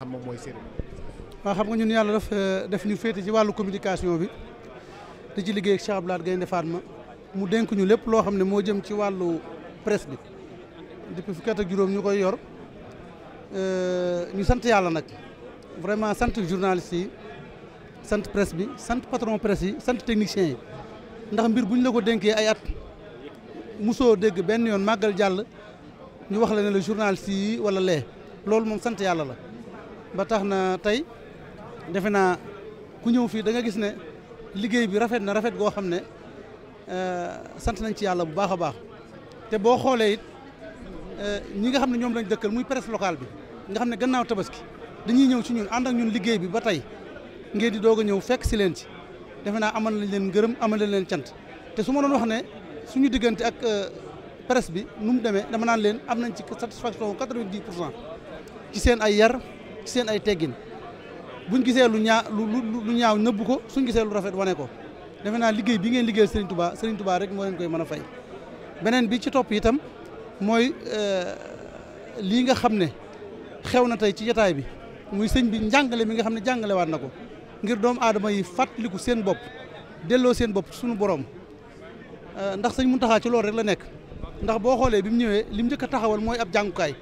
xam moom mooy Serigne. waaw xam nga ñun yàlla daf euh, def ñu féete ci wàllu communication bi di ci liggéey ak Cheikh Abdoulaye Gaynde ma mu dénk ñu lépp loo xam ne moo jëm ci wàllu presse bi depuis fukki at ak juróom ñu koy yor euh, ñu sant yàlla nag vraiment sant journaliste yi sant presse bi sant patron presse yi sant technicien yi ndax mbir bu ñu la ko dénkee ay at musoo dégg benn yoon màggal jàll ñu wax la ne la journaliste yi wala lee loolu moom sant yàlla la. ba tax na tey defe naa ku ñëw fii da nga gis ne liggéey bi rafet na rafet goo xam ne euh, sant nañ ci yàlla bu baax a baax te boo xoolee it euh, ñi nga xam ne ñoom lañ dëkkal muy presse locale bi nga xam ne gannaaw tabaski dañuy ñëw ci ñun ànd ak ñun liggéey bi ba tey ngeen di doog a ñëw fekk si leen ci defe naa amal nañ leen ngërëm amal nañ leen cant te su ma doon wax ne suñu diggante ak euh, presse bi nu mu demee dama naan leen am nañ ci satisfaction 90 pour cent ci seen ay yar ci seen ay teggin buñ gisee lu ñaa lu ñaaw nëbb ko suñ gisee lu rafet wane ko defe naa liggéey bi ngeen liggéeyal Serigne Touba Serigne Touba rek moo leen koy man a fay beneen bi ci topp itam mooy euh, lii nga xam ne xew na tey ci jataay bi muy sëñ bi njàngale mi nga xam ne jàngalewaat na ko ngir doomu aadama yi fàttaliku seen bopp delloo seen bopp suñu borom euh, ndax sëñ Mountakha ci loolu rek la nekk ndax boo xoolee bi mu ñëwee lim njëkk a taxawal mooy ab jàngukaay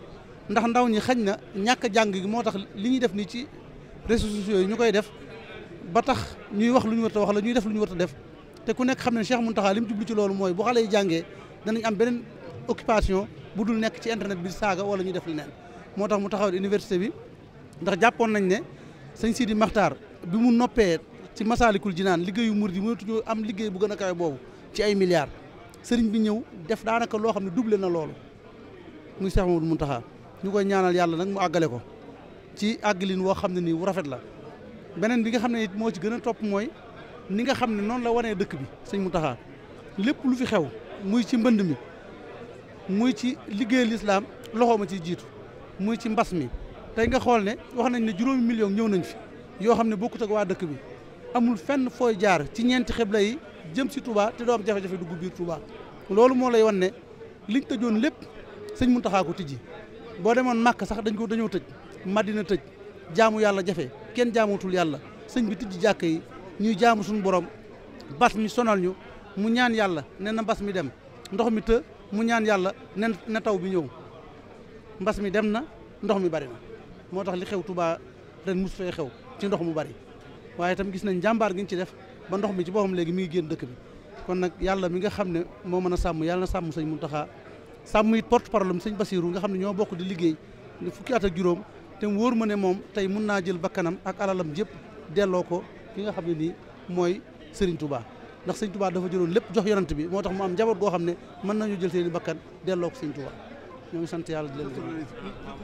ndax ndaw ñi xañ na ñàkk a jàng gi moo tax li ñuy def nii ci réseaux sociaux yi ñu koy def ba tax ñuy wax lu ñu war a wax la ñuy def lu ñu war a def te ku nekk xam ne Cheikh Mountakha li mu jublu ci loolu mooy bu xale yi jàngee danañ am beneen occupation bu dul nekk ci internet bi saaga wala ñu def leneen moo tax mu taxawal université bi ndax jàppoon nañ ne sëñ Sidi Maxtaar bi mu noppee ci Masaalikul Jinaan liggéeyu murid yi mënatuñu am liggéey bu gën a kawe boobu ci ay milliards sëriñ bi ñëw def daanaka loo xam ne doublé na loolu muy Cheikh Mamadou Mountakha ñu koy ñaanal yàlla nag mu àggale ko ci àggalin woo xam ne nii wu rafet la beneen bi nga xam ne it moo ci gën a topp mooy ni nga xam ne noonu la wanee dëkk bi sëñ mu Mountakha lépp lu fi xew muy ci mbënd mi muy ci liggéey lislaam loxoom a ciy jiitu muy ci mbas mi tey nga xool ne wax nañ ne juróomi million ñëw nañ fi yoo xam ne bokkut ak waa dëkk bi amul fenn fooy jaar ci ñeenti xibla yi jëm si Touba te doo am jafe-jafe dugg biir Touba loolu moo lay wan ne liñ tëjoon lépp sëñ Mountakha ko tijji boo demoon màkk sax dañ ko dañoo tëj maddina tëj jaamu yàlla jafe kenn jaamutul yàlla sëñ bi tijji jàkk yi ñuy jaamu suñ borom bas mi sonal ñu mu ñaan yàlla nen na mbas mi dem ndox mi të mu ñaan yàlla ne na taw bi ñëw mbas mi dem na ndox mi bari na moo tax li xew tubaa ren mus fee xew ci ndox mu bari waaye tam gis nañ jàmbaar gi ñu ci def ba ndox mi ci boppam léegi mi ngi génn dëkk bi kon nag yàlla mi nga xam ne moo mën a sàmm yàlla na sàmm sëñ taxa sàmm it porte parole am sëñ Basiiru nga xam ne ñoo bokk di liggéey fukki at ak juróom te wóor ma ne moom tey mun naa jël bakkanam ak alalam yëpp delloo ko ki nga xam ne nii mooy Serigne Touba ndax Serigne Touba dafa jëloon lépp jox yonant bi moo tax mu am njaboot goo xam ne mën nañu jël seeni bakkan delloo ko Serigne Touba ñoo ngi sant yàlla di leen